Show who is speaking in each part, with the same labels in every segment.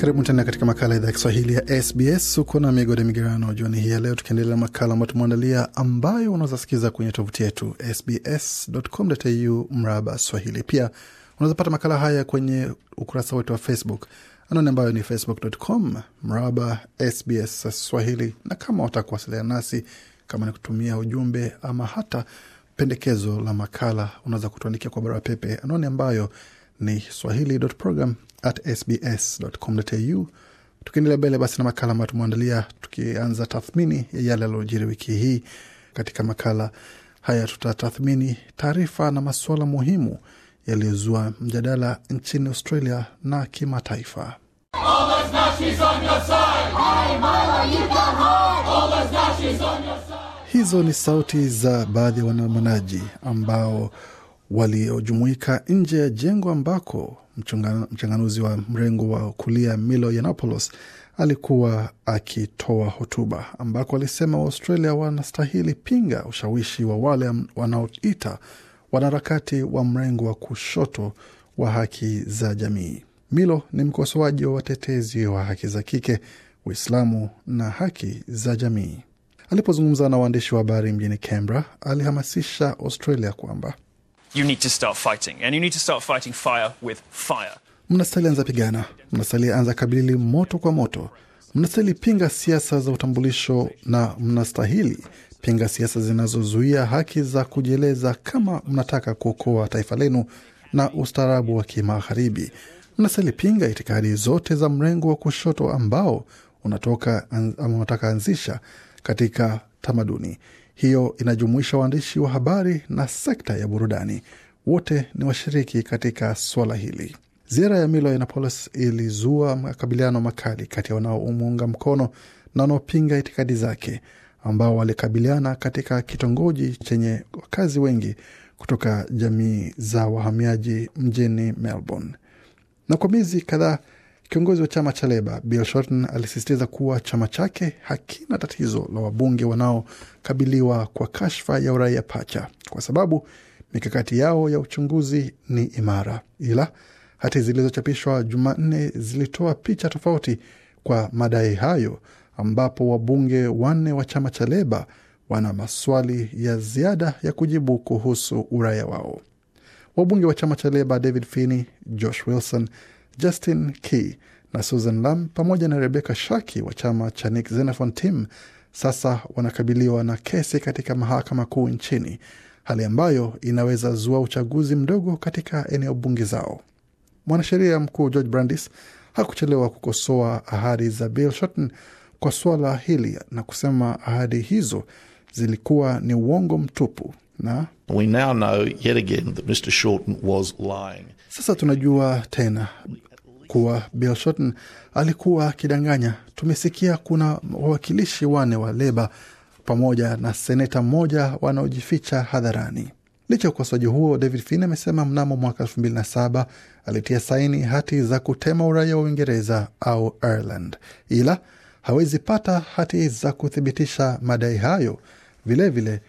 Speaker 1: Karibu tena katika makala idhaa ya Kiswahili ya SBS. Uko na Migode Migerano jioni hii ya leo, tukiendelea makala ambayo tumeandalia, ambayo unaweza sikiza kwenye tovuti yetu sbs.com.au mraba swahili. Pia unaweza pata makala haya kwenye ukurasa wetu wa Facebook, anwani ambayo ni facebook.com mraba SBS Swahili. Na kama wataka nasi, kama ni kutumia ujumbe ama hata pendekezo la makala, unaweza kutuandikia kwa barua pepe, anwani ambayo ni swahili.program at sbs.com.au. Tukiendelea mbele basi na makala ambayo tumeandalia, tukianza tathmini ya yale yaliyojiri wiki hii. Katika makala haya tutatathmini taarifa na masuala muhimu yaliyozua mjadala nchini Australia na kimataifa. Hizo ni sauti za baadhi ya waandamanaji ambao waliojumuika nje ya jengo ambako mchanganuzi wa mrengo wa kulia Milo Yiannopoulos alikuwa akitoa hotuba, ambako alisema Waaustralia wanastahili pinga ushawishi wa wale wanaoita wanaharakati wa mrengo wa kushoto wa haki za jamii. Milo ni mkosoaji wa watetezi wa haki za kike, Uislamu na haki za jamii. Alipozungumza na waandishi wa habari mjini Canberra, alihamasisha Australia kwamba you need to start fighting and you need to start fighting fire with fire. Mnastahili anza pigana, mnastahili anza kabili moto kwa moto, mnastahili pinga siasa za utambulisho na mnastahili pinga siasa zinazozuia haki za kujieleza kama mnataka kuokoa taifa lenu na ustaarabu wa kimagharibi. Mnastahili pinga itikadi zote za mrengo wa kushoto ambao unatoka ama unataka anzisha katika tamaduni hiyo inajumuisha waandishi wa habari na sekta ya burudani, wote ni washiriki katika swala hili. Ziara ya Milo yanapolis ilizua makabiliano makali kati ya wanaomuunga mkono na wanaopinga itikadi zake ambao walikabiliana katika kitongoji chenye wakazi wengi kutoka jamii za wahamiaji mjini Melbourne, na kwa miezi kadhaa Kiongozi wa chama cha Leba Bill Shorten alisisitiza kuwa chama chake hakina tatizo la wabunge wanaokabiliwa kwa kashfa ya uraia pacha, kwa sababu mikakati yao ya uchunguzi ni imara. Ila hati zilizochapishwa Jumanne zilitoa picha tofauti kwa madai hayo, ambapo wabunge wanne wa chama cha Leba wana maswali ya ziada ya kujibu kuhusu uraia wao. Wabunge wa chama cha Leba David Finney, Josh Wilson Justin Key na Susan Lam pamoja na Rebecca Shaki wa chama cha Nick Xenophon Team sasa wanakabiliwa na kesi katika mahakama kuu nchini, hali ambayo inaweza zua uchaguzi mdogo katika eneo bunge zao. Mwanasheria mkuu George Brandis hakuchelewa kukosoa ahadi za Bill Shorten kwa suala hili na kusema ahadi hizo zilikuwa ni uongo mtupu na We now know yet again that Mr. Shorten was lying. Sasa tunajua tena kuwa Bill Shorten alikuwa akidanganya. Tumesikia kuna wawakilishi wane wa Leba pamoja na seneta mmoja wanaojificha hadharani. Licha ya ukosoaji huo, David Fin amesema mnamo mwaka 2007 alitia saini hati za kutema uraia wa Uingereza au Ireland, ila hawezi pata hati za kuthibitisha madai hayo. Vilevile vile,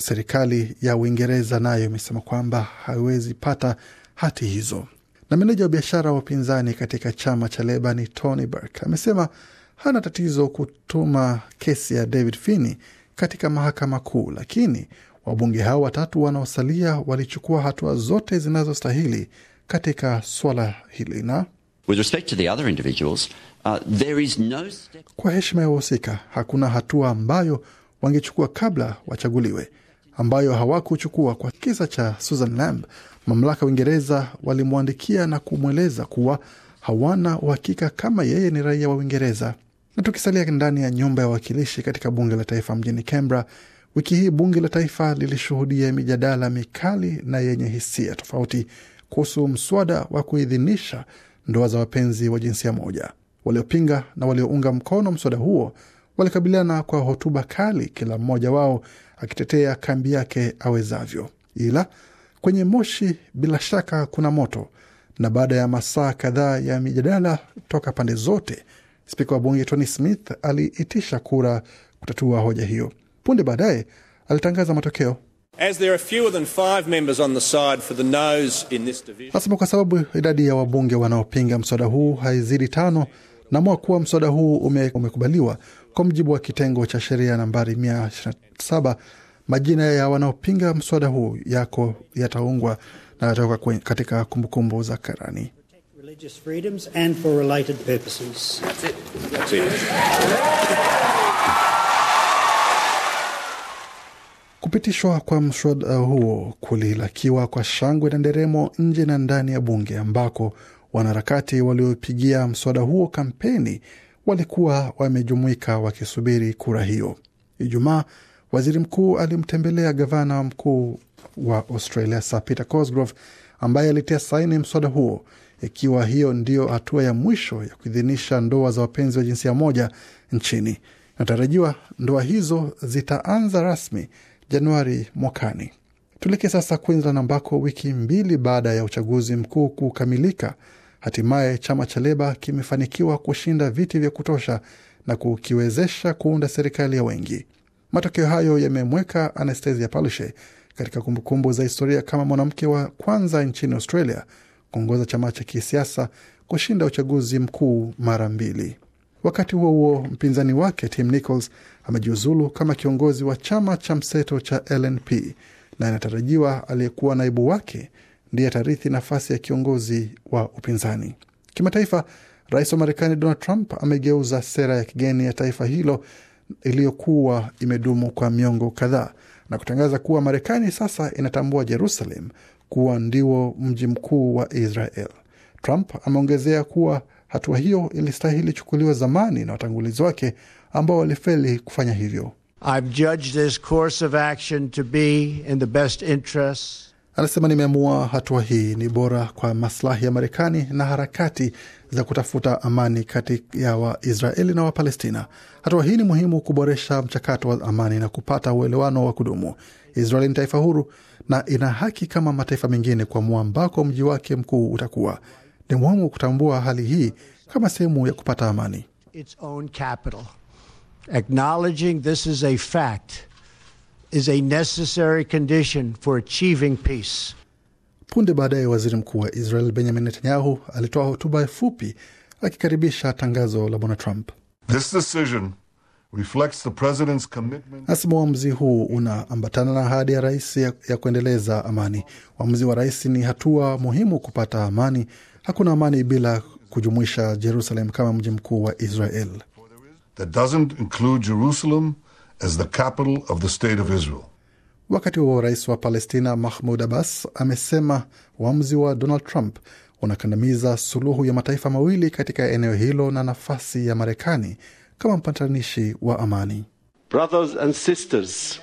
Speaker 1: serikali ya Uingereza nayo imesema kwamba haiwezi pata hati hizo. Na meneja wa biashara wa upinzani katika chama cha Leba ni Tony Burke amesema hana tatizo kutuma kesi ya David Finney katika mahakama kuu, lakini wabunge hao watatu wanaosalia walichukua hatua zote zinazostahili katika swala hili na With respect to the other individuals, uh, there is no step... kwa heshima ya wahusika hakuna hatua ambayo wangechukua kabla wachaguliwe ambayo hawakuchukua kwa kisa cha Susan Lamb, mamlaka Uingereza walimwandikia na kumweleza kuwa hawana uhakika kama yeye ni raia wa Uingereza. Na tukisalia ndani ya nyumba ya wawakilishi katika bunge la taifa mjini Canberra, wiki hii bunge la taifa lilishuhudia mijadala mikali na yenye hisia tofauti kuhusu mswada wa kuidhinisha ndoa za wapenzi wa jinsia moja. Waliopinga na waliounga mkono mswada huo walikabiliana kwa hotuba kali, kila mmoja wao akitetea kambi yake awezavyo. Ila kwenye moshi bila shaka kuna moto, na baada ya masaa kadhaa ya mijadala toka pande zote, spika wa bunge Tony Smith aliitisha kura kutatua hoja hiyo. Punde baadaye alitangaza matokeo. Anasema kwa sababu idadi ya wabunge wanaopinga mswada huu haizidi tano, naamua kuwa mswada huu ume, umekubaliwa kwa mujibu wa kitengo cha sheria nambari 127, majina ya wanaopinga mswada huu yako yataungwa na yatawekwa katika kumbukumbu za karani. Kupitishwa kwa mswada huo kulilakiwa kwa shangwe na nderemo nje na ndani ya bunge ambako wanaharakati waliopigia mswada huo kampeni walikuwa wamejumuika wakisubiri kura hiyo. Ijumaa, waziri mkuu alimtembelea gavana mkuu wa Australia Sir Peter Cosgrove ambaye alitia saini mswada huo, ikiwa hiyo ndiyo hatua ya mwisho ya kuidhinisha ndoa za wapenzi wa jinsia moja nchini. Inatarajiwa ndoa hizo zitaanza rasmi Januari mwakani. Tuelekee sasa Queensland ambako wiki mbili baada ya uchaguzi mkuu kukamilika, Hatimaye chama cha Leba kimefanikiwa kushinda viti vya kutosha na kukiwezesha kuunda serikali ya wengi. Matokeo hayo yamemweka Anastasia Palaszczuk katika kumbukumbu za historia kama mwanamke wa kwanza nchini Australia kuongoza chama cha kisiasa kushinda uchaguzi mkuu mara mbili. Wakati huo huo, mpinzani wake Tim Nichols amejiuzulu kama kiongozi wa chama cha mseto cha LNP na inatarajiwa aliyekuwa naibu wake ndiye atarithi nafasi ya kiongozi wa upinzani. Kimataifa, rais wa Marekani Donald Trump amegeuza sera ya kigeni ya taifa hilo iliyokuwa imedumu kwa miongo kadhaa na kutangaza kuwa Marekani sasa inatambua Jerusalem kuwa ndio mji mkuu wa Israel. Trump ameongezea kuwa hatua hiyo ilistahili chukuliwa zamani na watangulizi wake ambao walifeli kufanya hivyo. I've judged this course of action to be in the best interest anasema nimeamua hatua hii ni bora kwa maslahi ya Marekani na harakati za kutafuta amani kati ya Waisraeli na Wapalestina. Hatua hii ni muhimu kuboresha mchakato wa amani na kupata uelewano wa kudumu. Israeli ni taifa huru na ina haki kama mataifa mengine kuamua ambako mji wake mkuu utakuwa. Ni muhimu kutambua hali hii kama sehemu ya kupata amani. Its own capital. Acknowledging this is a fact is a necessary condition for achieving peace. Punde baadaye waziri mkuu wa Israel Benjamin Netanyahu alitoa hotuba fupi akikaribisha tangazo la bwana Trump. This decision reflects the president's commitment. Nasema uamuzi huu unaambatana na ahadi ya rais ya, ya kuendeleza amani. Uamuzi wa rais ni hatua muhimu kupata amani. Hakuna amani bila kujumuisha Jerusalem kama mji mkuu wa Israel. That doesn't include Jerusalem as the capital of the state of Israel. Wakati huo rais wa Palestina Mahmud Abbas amesema uamuzi wa Donald Trump unakandamiza suluhu ya mataifa mawili katika eneo hilo na nafasi ya Marekani kama mpatanishi wa amani. Brothers and sisters,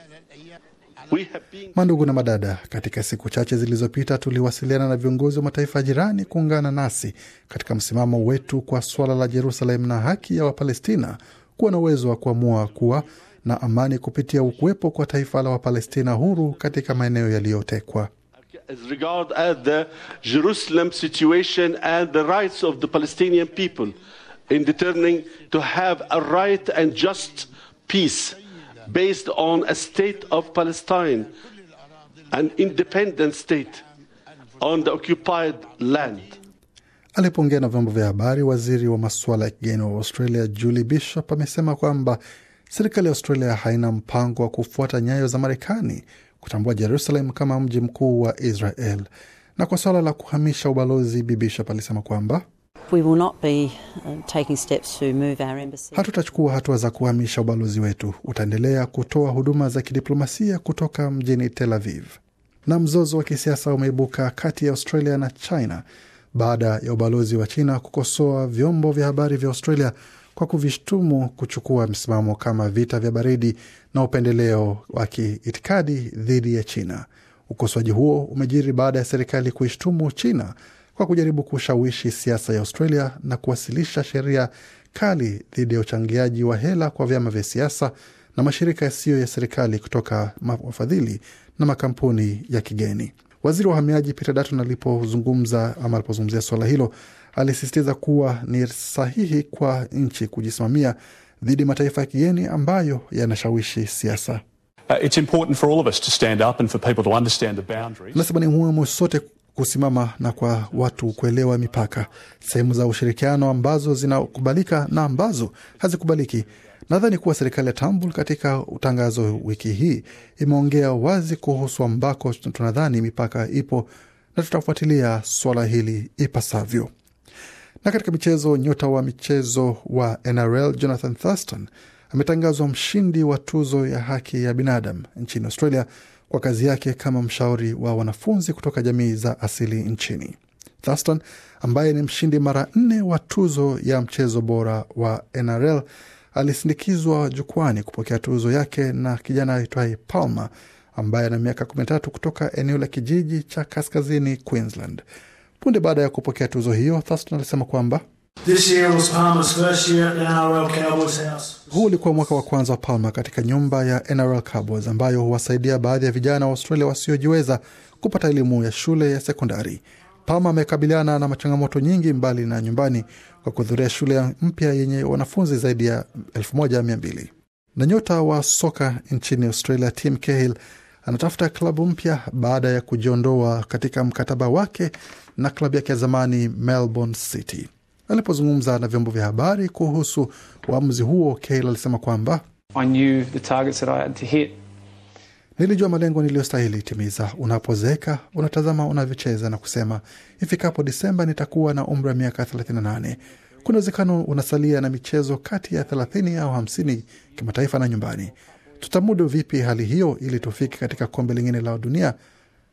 Speaker 1: been... Mandugu na madada, katika siku chache zilizopita tuliwasiliana na viongozi wa mataifa jirani kuungana nasi katika msimamo wetu kwa suala la Jerusalem na haki ya Wapalestina kuwa na uwezo wa kuamua kuwa na amani kupitia ukuwepo kwa taifa la Wapalestina huru katika maeneo yaliyotekwa. Uh, Alipoongea na vyombo vya habari, waziri wa masuala ya kigeni wa Australia Julie Bishop amesema kwamba serikali ya Australia haina mpango wa kufuata nyayo za Marekani kutambua Jerusalem kama mji mkuu wa Israel. Na kwa suala la kuhamisha ubalozi, Bibishop alisema kwamba um, hatutachukua hatua za kuhamisha ubalozi wetu, utaendelea kutoa huduma za kidiplomasia kutoka mjini Tel Aviv. Na mzozo wa kisiasa umeibuka kati ya Australia na China baada ya ubalozi wa China kukosoa vyombo vya habari vya Australia kwa kuvishtumu kuchukua msimamo kama vita vya baridi na upendeleo wa kiitikadi dhidi ya China. Ukosoaji huo umejiri baada ya serikali kuishtumu China kwa kujaribu kushawishi siasa ya Australia na kuwasilisha sheria kali dhidi ya uchangiaji wa hela kwa vyama vya siasa na mashirika yasiyo ya serikali kutoka wafadhili na makampuni ya kigeni. Waziri wa uhamiaji Peter Dutton alipozungumza ama alipozungumzia suala hilo alisisitiza kuwa ni sahihi kwa nchi kujisimamia dhidi mataifa ya kigeni ambayo yanashawishi siasa. Uh, Nasema ni muhimu sote kusimama na kwa watu kuelewa mipaka, sehemu za ushirikiano ambazo zinakubalika na ambazo hazikubaliki. Nadhani kuwa serikali ya Tambul katika utangazo wiki hii imeongea wazi kuhusu ambako tunadhani mipaka ipo na tutafuatilia suala hili ipasavyo. Na katika michezo, nyota wa michezo wa NRL Jonathan Thurston ametangazwa mshindi wa tuzo ya haki ya binadamu nchini Australia kwa kazi yake kama mshauri wa wanafunzi kutoka jamii za asili nchini. Thurston ambaye ni mshindi mara nne wa tuzo ya mchezo bora wa NRL alisindikizwa jukwani kupokea tuzo yake na kijana aitwaye Palmer ambaye ana miaka 13 kutoka eneo la kijiji cha kaskazini Queensland. Punde baada ya kupokea tuzo hiyo, Thurston alisema kwamba huu ulikuwa mwaka wa kwanza wa palma katika nyumba ya NRL Cowboys ambayo huwasaidia baadhi ya vijana wa Australia wasiojiweza kupata elimu ya shule ya sekondari. palma amekabiliana na changamoto nyingi mbali na nyumbani kwa kuhudhuria shule mpya yenye wanafunzi zaidi ya 1200 na nyota wa soka nchini Australia Tim Cahill anatafuta klabu mpya baada ya kujiondoa katika mkataba wake na klabu yake ya zamani Melbourne City. Alipozungumza na vyombo vya habari kuhusu uamuzi huo, Cale alisema kwamba nilijua malengo niliyostahili timiza. Unapozeeka unatazama unavyocheza na kusema, ifikapo Disemba nitakuwa na umri wa miaka 38. Kuna uwezekano unasalia na michezo kati ya 30 au 50 kimataifa na nyumbani. Tutamudu vipi hali hiyo ili tufike katika kombe lingine la dunia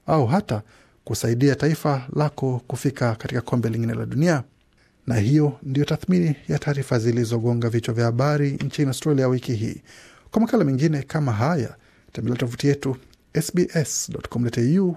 Speaker 1: au hata kusaidia taifa lako kufika katika kombe lingine la dunia? Na hiyo ndiyo tathmini ya taarifa zilizogonga vichwa vya habari nchini Australia wiki hii. Kwa makala mengine kama haya, tembela tovuti yetu sbs.com.au